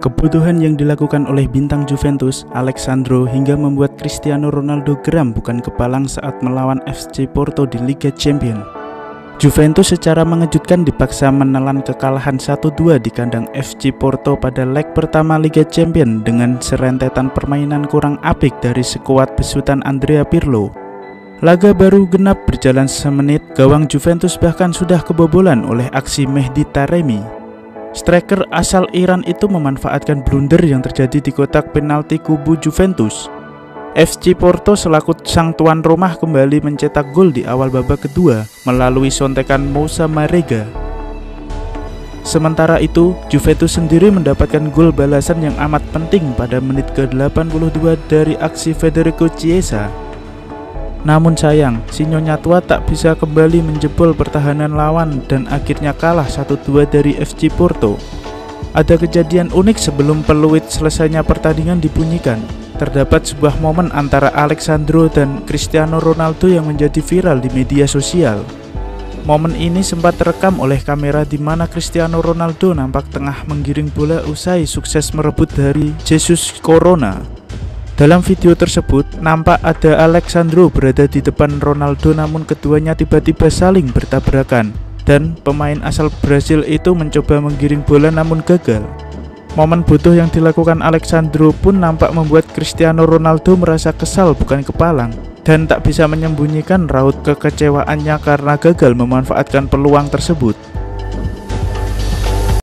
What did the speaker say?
Kebutuhan yang dilakukan oleh bintang Juventus, Alexandro, hingga membuat Cristiano Ronaldo geram bukan kepalang saat melawan FC Porto di Liga Champions. Juventus secara mengejutkan dipaksa menelan kekalahan 1-2 di kandang FC Porto pada leg pertama Liga Champions dengan serentetan permainan kurang apik dari sekuat besutan Andrea Pirlo. Laga baru genap berjalan semenit, gawang Juventus bahkan sudah kebobolan oleh aksi Mehdi Taremi Striker asal Iran itu memanfaatkan blunder yang terjadi di kotak penalti kubu Juventus. FC Porto selaku sang tuan rumah kembali mencetak gol di awal babak kedua melalui sontekan Moussa Marega. Sementara itu, Juventus sendiri mendapatkan gol balasan yang amat penting pada menit ke-82 dari aksi Federico Chiesa namun sayang, si Nyonya Tua tak bisa kembali menjebol pertahanan lawan dan akhirnya kalah 1-2 dari FC Porto. Ada kejadian unik sebelum peluit selesainya pertandingan dibunyikan. Terdapat sebuah momen antara Alexandro dan Cristiano Ronaldo yang menjadi viral di media sosial. Momen ini sempat terekam oleh kamera di mana Cristiano Ronaldo nampak tengah menggiring bola usai sukses merebut dari Jesus Corona dalam video tersebut, nampak ada Alexandro berada di depan Ronaldo namun keduanya tiba-tiba saling bertabrakan dan pemain asal Brasil itu mencoba menggiring bola namun gagal. Momen butuh yang dilakukan Alexandro pun nampak membuat Cristiano Ronaldo merasa kesal bukan kepalang dan tak bisa menyembunyikan raut kekecewaannya karena gagal memanfaatkan peluang tersebut.